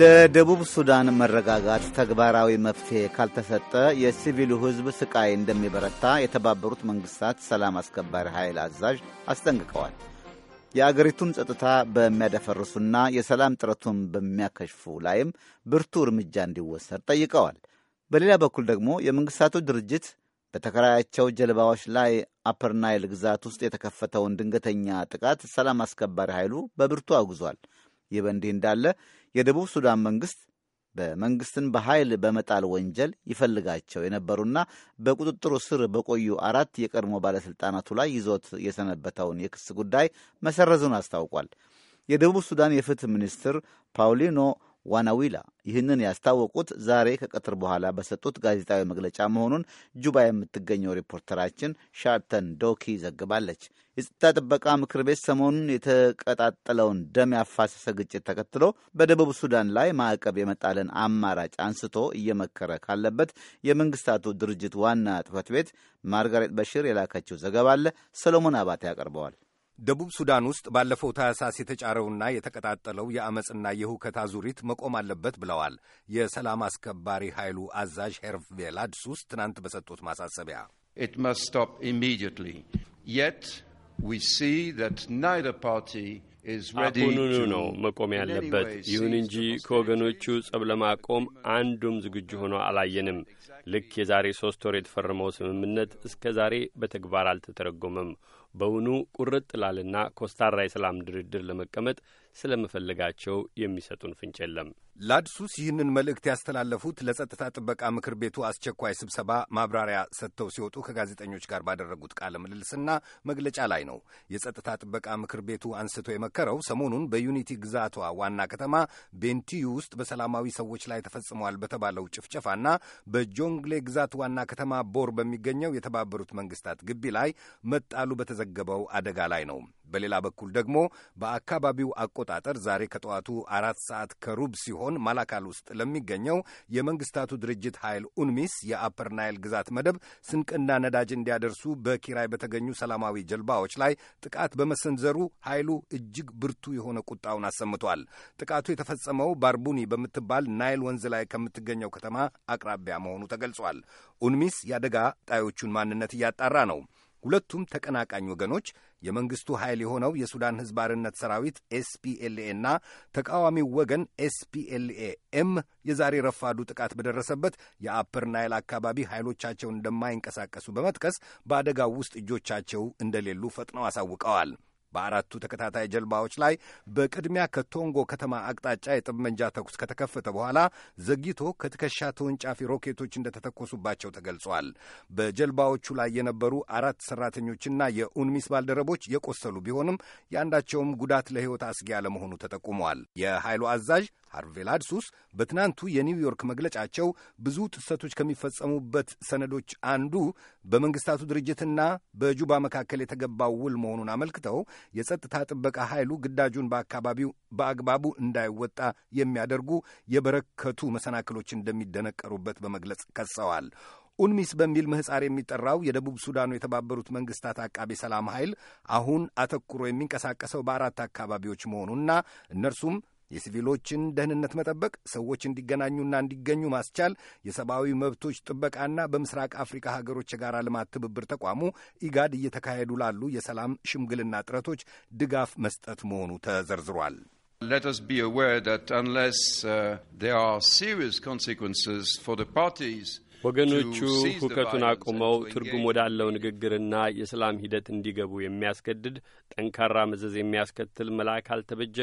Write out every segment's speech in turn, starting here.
ለደቡብ ሱዳን መረጋጋት ተግባራዊ መፍትሄ ካልተሰጠ የሲቪሉ ሕዝብ ስቃይ እንደሚበረታ የተባበሩት መንግስታት ሰላም አስከባሪ ኃይል አዛዥ አስጠንቅቀዋል። የአገሪቱን ጸጥታ በሚያደፈርሱና የሰላም ጥረቱን በሚያከሽፉ ላይም ብርቱ እርምጃ እንዲወሰድ ጠይቀዋል። በሌላ በኩል ደግሞ የመንግስታቱ ድርጅት በተከራያቸው ጀልባዎች ላይ አፐር ናይል ግዛት ውስጥ የተከፈተውን ድንገተኛ ጥቃት ሰላም አስከባሪ ኃይሉ በብርቱ አውግዟል። ይህ በእንዲህ እንዳለ የደቡብ ሱዳን መንግስት በመንግስትን በኃይል በመጣል ወንጀል ይፈልጋቸው የነበሩና በቁጥጥሩ ስር በቆዩ አራት የቀድሞ ባለሥልጣናቱ ላይ ይዞት የሰነበተውን የክስ ጉዳይ መሰረዙን አስታውቋል። የደቡብ ሱዳን የፍትህ ሚኒስትር ፓውሊኖ ዋናዊላ ይህንን ያስታወቁት ዛሬ ከቀትር በኋላ በሰጡት ጋዜጣዊ መግለጫ መሆኑን ጁባ የምትገኘው ሪፖርተራችን ሻርተን ዶኪ ዘግባለች። የጸጥታ ጥበቃ ምክር ቤት ሰሞኑን የተቀጣጠለውን ደም ያፋሰሰ ግጭት ተከትሎ በደቡብ ሱዳን ላይ ማዕቀብ የመጣልን አማራጭ አንስቶ እየመከረ ካለበት የመንግስታቱ ድርጅት ዋና ጽፈት ቤት ማርጋሬት በሽር የላከችው ዘገባ አለ። ሰሎሞን አባቴ ያቀርበዋል። ደቡብ ሱዳን ውስጥ ባለፈው ታህሳስ የተጫረውና የተቀጣጠለው የአመፅና የሁከት አዙሪት መቆም አለበት ብለዋል የሰላም አስከባሪ ኃይሉ አዛዥ ሄርፍ ላድሱስ ትናንት በሰጡት ማሳሰቢያ። አሁኑኑ ነው መቆም ያለበት። ይሁን እንጂ ከወገኖቹ ጸብ ለማቆም አንዱም ዝግጁ ሆኖ አላየንም። ልክ የዛሬ ሶስት ወር የተፈረመው ስምምነት እስከ ዛሬ በተግባር አልተተረጎመም። በውኑ ቁርጥ ላልና ኮስታራ የሰላም ድርድር ለመቀመጥ ስለመፈለጋቸው የሚሰጡን ፍንጭ የለም። ላድሱስ ይህንን መልእክት ያስተላለፉት ለጸጥታ ጥበቃ ምክር ቤቱ አስቸኳይ ስብሰባ ማብራሪያ ሰጥተው ሲወጡ ከጋዜጠኞች ጋር ባደረጉት ቃለ ምልልስና መግለጫ ላይ ነው። የጸጥታ ጥበቃ ምክር ቤቱ አንስቶ የመከረው ሰሞኑን በዩኒቲ ግዛቷ ዋና ከተማ ቤንቲዩ ውስጥ በሰላማዊ ሰዎች ላይ ተፈጽሟል በተባለው ጭፍጨፋና በጆንግሌ ግዛት ዋና ከተማ ቦር በሚገኘው የተባበሩት መንግስታት ግቢ ላይ መጣሉ በተዘ ባስመዘገበው አደጋ ላይ ነው። በሌላ በኩል ደግሞ በአካባቢው አቆጣጠር ዛሬ ከጠዋቱ አራት ሰዓት ከሩብ ሲሆን ማላካል ውስጥ ለሚገኘው የመንግስታቱ ድርጅት ኃይል ኡንሚስ የአፐር ናይል ግዛት መደብ ስንቅና ነዳጅ እንዲያደርሱ በኪራይ በተገኙ ሰላማዊ ጀልባዎች ላይ ጥቃት በመሰንዘሩ ኃይሉ እጅግ ብርቱ የሆነ ቁጣውን አሰምቷል። ጥቃቱ የተፈጸመው ባርቡኒ በምትባል ናይል ወንዝ ላይ ከምትገኘው ከተማ አቅራቢያ መሆኑ ተገልጿል። ኡንሚስ የአደጋ ጣዮቹን ማንነት እያጣራ ነው። ሁለቱም ተቀናቃኝ ወገኖች የመንግስቱ ኃይል የሆነው የሱዳን ህዝብ አርነት ሰራዊት ኤስፒኤልኤ እና ተቃዋሚው ወገን ኤስፒኤልኤ ኤም የዛሬ ረፋዱ ጥቃት በደረሰበት የአፐር ናይል አካባቢ ኃይሎቻቸውን እንደማይንቀሳቀሱ በመጥቀስ በአደጋው ውስጥ እጆቻቸው እንደሌሉ ፈጥነው አሳውቀዋል። በአራቱ ተከታታይ ጀልባዎች ላይ በቅድሚያ ከቶንጎ ከተማ አቅጣጫ የጠመንጃ ተኩስ ከተከፈተ በኋላ ዘግይቶ ከትከሻ ተወንጫፊ ሮኬቶች እንደተተኮሱባቸው ተገልጿል። በጀልባዎቹ ላይ የነበሩ አራት ሰራተኞችና የኡንሚስ ባልደረቦች የቆሰሉ ቢሆንም የአንዳቸውም ጉዳት ለሕይወት አስጊ አለመሆኑ ተጠቁመዋል። የኃይሉ አዛዥ ሃርቬ ላድሱስ በትናንቱ የኒውዮርክ መግለጫቸው ብዙ ጥሰቶች ከሚፈጸሙበት ሰነዶች አንዱ በመንግስታቱ ድርጅትና በጁባ መካከል የተገባው ውል መሆኑን አመልክተው የጸጥታ ጥበቃ ኃይሉ ግዳጁን በአካባቢው በአግባቡ እንዳይወጣ የሚያደርጉ የበረከቱ መሰናክሎች እንደሚደነቀሩበት በመግለጽ ከሰዋል። ኡንሚስ በሚል ምህፃር የሚጠራው የደቡብ ሱዳኑ የተባበሩት መንግስታት አቃቤ ሰላም ኃይል አሁን አተኩሮ የሚንቀሳቀሰው በአራት አካባቢዎች መሆኑና እነርሱም የሲቪሎችን ደህንነት መጠበቅ፣ ሰዎች እንዲገናኙና እንዲገኙ ማስቻል፣ የሰብአዊ መብቶች ጥበቃና በምስራቅ አፍሪካ ሀገሮች የጋራ ልማት ትብብር ተቋሙ ኢጋድ እየተካሄዱ ላሉ የሰላም ሽምግልና ጥረቶች ድጋፍ መስጠት መሆኑ ተዘርዝሯል። Let us be aware that unless uh, there are serious consequences for the parties ወገኖቹ ሁከቱን አቁመው ትርጉም ወዳለው ንግግርና የሰላም ሂደት እንዲገቡ የሚያስገድድ ጠንካራ መዘዝ የሚያስከትል መልአክ አልተበጀ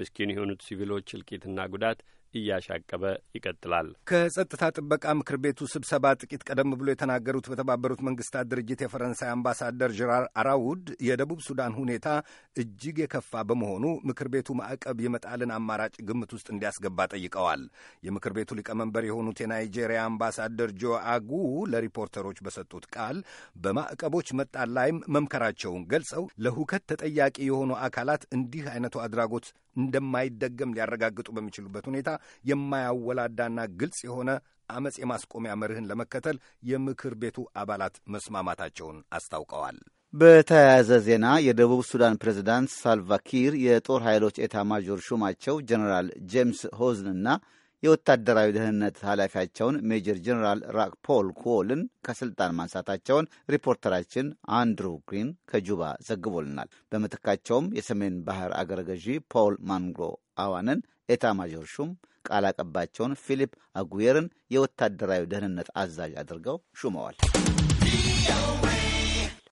ምስኪን የሆኑት ሲቪሎች እልቂትና ጉዳት እያሻቀበ ይቀጥላል። ከጸጥታ ጥበቃ ምክር ቤቱ ስብሰባ ጥቂት ቀደም ብሎ የተናገሩት በተባበሩት መንግስታት ድርጅት የፈረንሳይ አምባሳደር ጀራር አራውድ የደቡብ ሱዳን ሁኔታ እጅግ የከፋ በመሆኑ ምክር ቤቱ ማዕቀብ የመጣልን አማራጭ ግምት ውስጥ እንዲያስገባ ጠይቀዋል። የምክር ቤቱ ሊቀመንበር የሆኑት የናይጄሪያ አምባሳደር ጆ አጉ ለሪፖርተሮች በሰጡት ቃል በማዕቀቦች መጣል ላይም መምከራቸውን ገልጸው ለሁከት ተጠያቂ የሆኑ አካላት እንዲህ አይነቱ አድራጎት እንደማይደገም ሊያረጋግጡ በሚችሉበት ሁኔታ የማያወላዳና ግልጽ የሆነ አመፅ የማስቆሚያ መርህን ለመከተል የምክር ቤቱ አባላት መስማማታቸውን አስታውቀዋል። በተያያዘ ዜና የደቡብ ሱዳን ፕሬዝዳንት ሳልቫኪር የጦር ኃይሎች ኤታ ማዦር ሹማቸው ጀኔራል ጄምስ ሆዝንና የወታደራዊ ደህንነት ኃላፊያቸውን ሜጀር ጀኔራል ፖል ኮልን ከስልጣን ማንሳታቸውን ሪፖርተራችን አንድሩ ግሪን ከጁባ ዘግቦልናል። በምትካቸውም የሰሜን ባህር አገረ ገዢ ፖል ማንጎ አዋንን ኤታ ማጆር ሹም ቃል አቀባቸውን ፊሊፕ አጉየርን የወታደራዊ ደህንነት አዛዥ አድርገው ሹመዋል።